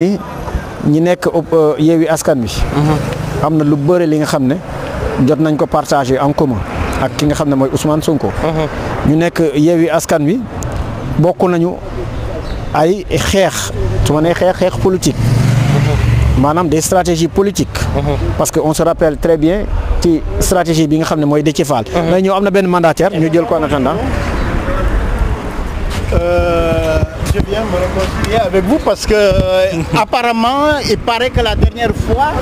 ñi nekk euh, yeewi askan wi mhm. am na lu bëre li nga xam ne jot nañ ko partagé en commun ak ki nga xam ne mooy Ousmane ko mhm. ñu nekk yeewi askan wi bokk nañu ay xeex su ma nee xeex xeex politique mhm. maanaam des stratégies politiques parce que on se rappelle très bien ci stratégie bi nga xam ne mooy Déthié Fall mais ñoo am na benn mandataire ñu jël ko en attendant euh, je viens vous parce que euh, apparemment, il paraît que la dernière fois,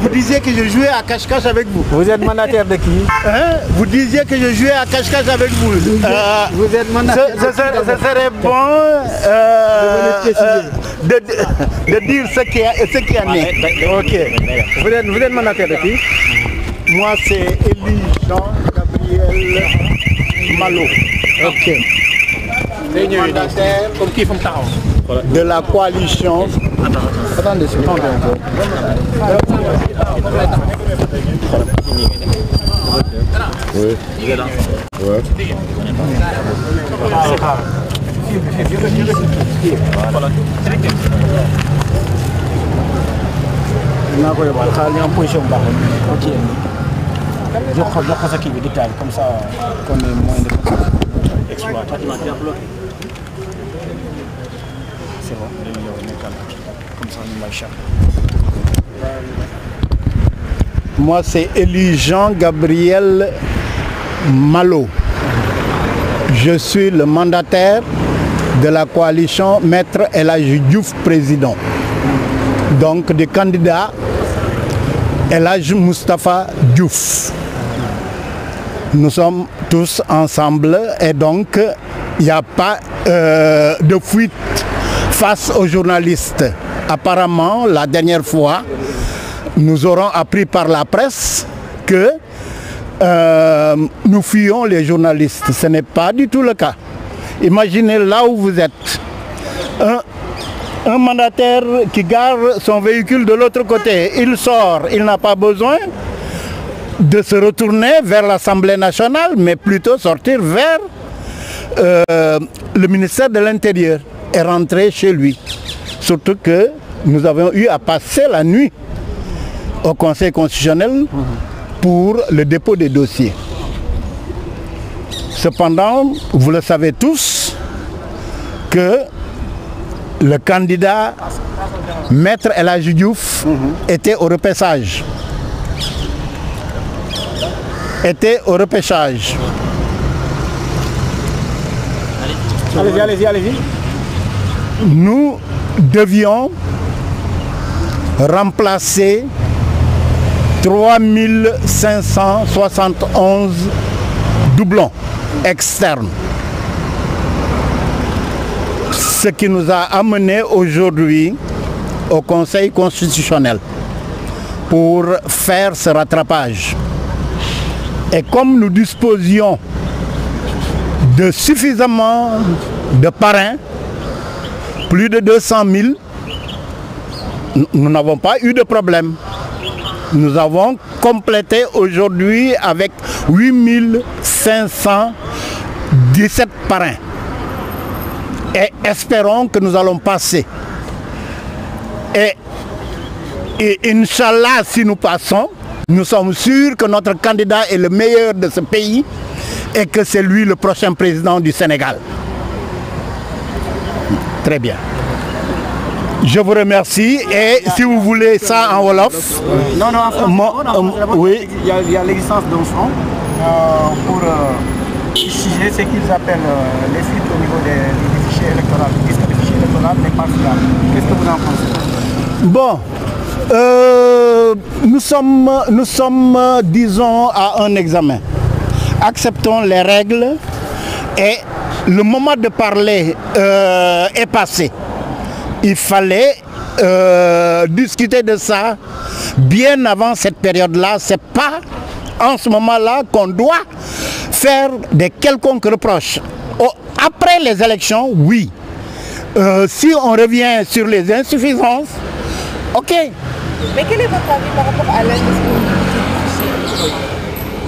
vous disiez que je jouais à cache-cache avec vous. Vous êtes mandataire de qui hein? Vous disiez que je jouais à cache-cache avec vous. Vous, êtes euh, mandataire de, dire ce qui, en est. Ok. Vous êtes, vous de qui Moi, c'est Elie jean Malo. mandataire de la coalition. Attendez, attendez Oui. Ouais. naa ko yóbbaale xaaral ñu am position bu baax la. ok jox ko jox ko sa kii bi détail comme ça qu'on ait moyen de exploiter. c'est bon léegi yow nekkal comme Élie Jean-Gabriel Malo. Je suis le mandataire de la coalition Maître El Hadji Diouf président. Donc du candidat El Hadji Moustapha Diouf. Nous sommes tous ensemble et donc il n'y a pas euh, de fuite face aux journalistes. Apparemment, la dernière fois, nous aurons appris par la presse que euh, nous fuyons les journalistes. Ce n'est pas du tout le cas. Imaginez là où vous êtes. Un, un mandataire qui garde son véhicule de l'autre côté, il sort, il n'a pas besoin de se vers l'Assemblée nationale, mais plutôt sortir vers euh, le ministère de l'Intérieur. est rentré chez lui. Surtout que nous avons eu à passer la nuit au Conseil constitutionnel pour le dépôt des dossiers. Cependant, vous le savez tous, que le candidat Maître El Diouf mmh. était au repêchage. Était au repêchage. nous devions remplacer 3571 doublons externes. Ce qui nous a amené aujourd'hui au Conseil constitutionnel pour faire ce rattrapage. Et comme nous disposions de suffisamment de parrains, plus de 200 000, nous n'avons pas de problème. Nous avons complété aujourd'hui avec 8 517 parrains. Et espérons que nous allons Et, et Inch'Allah, si nous passons, nous sommes sûrs que notre le meilleur de ce et que c'est lui le président du Sénégal. Je vous remercie et si vous voulez ça en Wolof. oui. Il y a, l'existence d'un fonds euh, pour euh, juger ce qu'ils appellent euh, les fuites au niveau des, des fichiers électoraux. Qu'est-ce que les fichiers électoraux que nous sommes, euh, disons, à un examen. Acceptons les règles et le moment de parler euh, est passé. Il fallait euh, discuter de ça bien avant cette période-là. C'est pas en ce moment-là qu'on doit faire des quelconques reproches. Oh, après les élections, oui. Euh, si on revient sur les insuffisances, ok. Mais quel est votre avis par rapport à l'indiscipline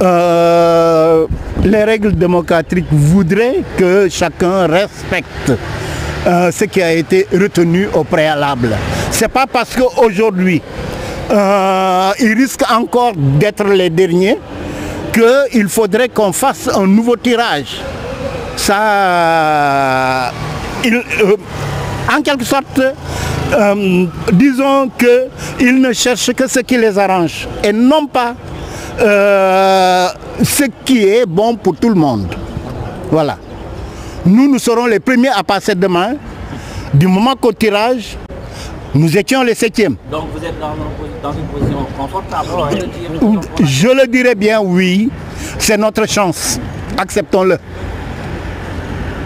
euh, les règles démocratiques voudraient que chacun respecte euh, ce qui a été retenu au préalable. C'est pas parce qu'aujourd'hui, euh, ils risquent encore d'être les derniers qu'il faudrait qu'on fasse un nouveau tirage. Ça, euh, il, euh, en quelque sorte, euh, disons qu'ils ne cherchent que ce qui les arrange et non pas euh, ce qui est bon pour tout le monde. Voilà. Nous, nous serons les premiers à passer demain. Du moment qu'au tirage, nous étions les septièmes. Donc vous êtes dans, une position confortable. Hein Je le dirais bien, oui. C'est notre chance. Acceptons-le.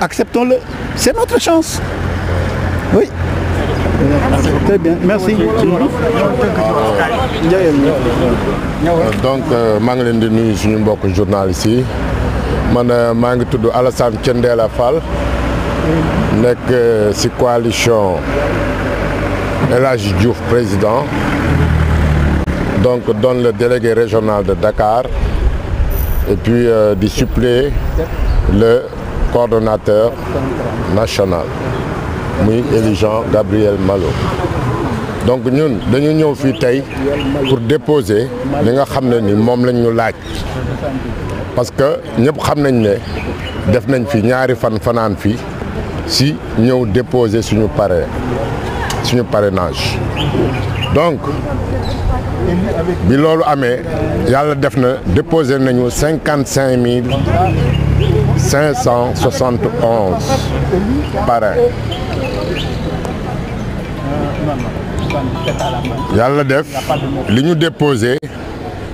Acceptons-le. C'est notre chance. très donc euh, maa ngi leen di nuyu suñu mbokk journaliste yi man euh, maa ngi tudd Alassane Thiendella Fall nekk si euh, coalition El Hadj Diouf président donc doon le délégué régional de Dakar et puis di suppléer le coordonnateur national. muy éligeant Gabriel Malo donc ñun dañu ñëw fii tey pour déposer li nga xam ne ni moom lañ ñu laaj parce que ñëpp xam nañ ne def nañ fi ñaari fan fanaan fii si ñëw déposer suñu pare suñu parrainage donc bi loolu amee yàlla def na déposé nañu cinquante cinq mille cinq cent soixante onze parrain yàlla def li ñu déposé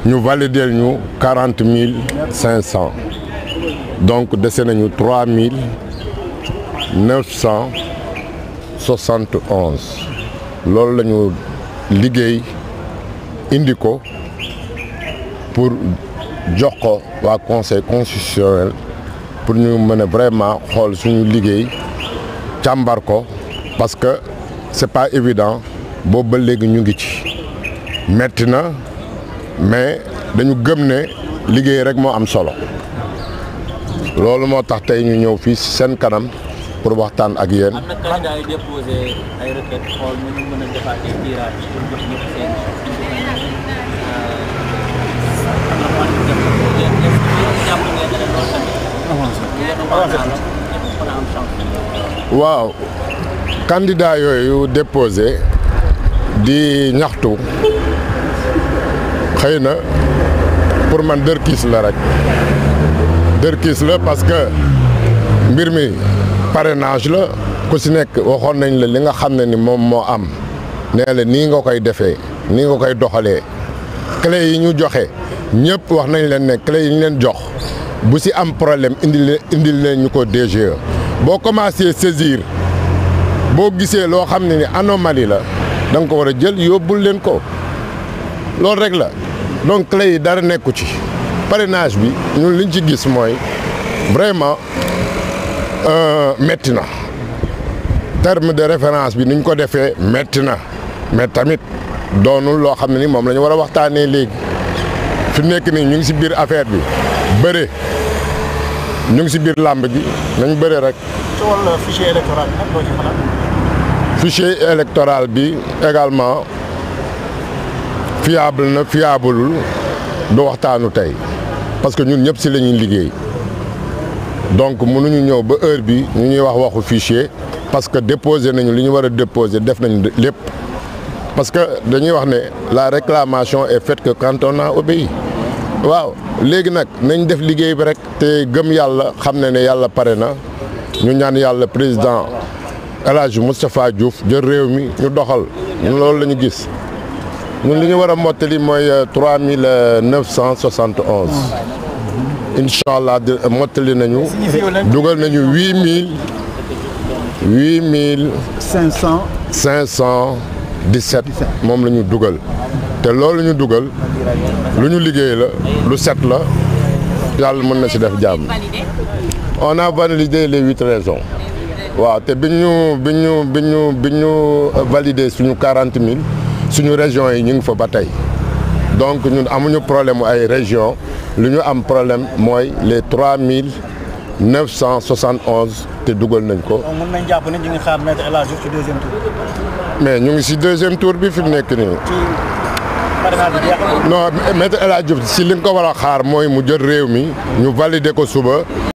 ñu valle validé ñu quarante mille cinq cent donc dese nañu trois mille neuf cent soixante loolu la liggéey indi ko pour jox ko waa conseil constitutionnel pour ñu mën a vraiment xool suñu liggéey càmbar ko parce c'est pas évident boobu ba léegi ñu ngi ci metti na mais dañu gëm ne liggéey rek moo am solo loolu moo tax tey ñu ñëw fii seen kanam pour waxtaan ak yéen. Euh, euh, waaw. candidat yooyu déposé di ñaxtu xëy na pour man dërkiis la rek dërkiis la parce que mbir mi parrainage la ku si nekk waxoon nañ la li nga xam ne ni moom moo am nee la nii nga koy defee nii nga koy doxalee clé yi ñu joxe ñëpp wax nañ leen ne clé yi ñu leen jox bu si am problème indil indil leen ñu ko DGE boo commencé saisir boo gisee loo xam ne ni anomalie la da ko war a jël yóbbul leen ko loolu rek la donc clé dara nekku ci parrainage bi ñun liñ ci gis mooy vraiment euh, metti na terme de référence bi niñ ko defee metti na mais tamit doonul loo xam ne ni moom la war a waxtaanee léegi fi nekk ni ñu ngi si biir affaire bi bëre ñu ngi si biir làmb ji nañ bëre rek. fichier électoral bi également fiable na fiableul du waxtaanu tey parce que ñun ñëpp si la ñuy liggéey donc mënuñu ñëw ba heure bi ñu ñuy wax waxu fichier parce que déposé nañu li ñu war a déposé def nañu lépp parce que dañuy wax ne la réclamation et faite que quand on waaw léegi nag nañ def liggéey bi rek te gëm yàlla xam ne ne yàlla pare na ñu ñaan yàlla président El Hadj Moustapha Diouf jël réew mi ñu doxal ñun loolu la ñu gis ñun li ñu war a mottali mooy euh, trois mille neuf cent soixante onze incha allah euh, mottali nañu dugal nañu huit mille huit mille cinq cent cinq dix-sept moom la ñu dugal te loolu ñu dugal lu ñu liggéey la lu set la yàlla mën na si def jàmm on a validé les huit raisons waaw te bi ñu bi ñu bi ñu bi ñu validé suñu quarante mille suñu région yi ñu ngi fa ba tey donc ñun amuñu problème ay région lu ñu am problème mooy les trois mille neuf cent onze te dugal nañ ko. donc nañ jàpp ñu ngi xaar maître El Hadj Diouf ci tour. mais ñu ngi si deuxième tour bi fi mu nekk nii. no maître El Hadj si li nga ko war a xaar mooy mu jël réew mi. ñu valider ko suba.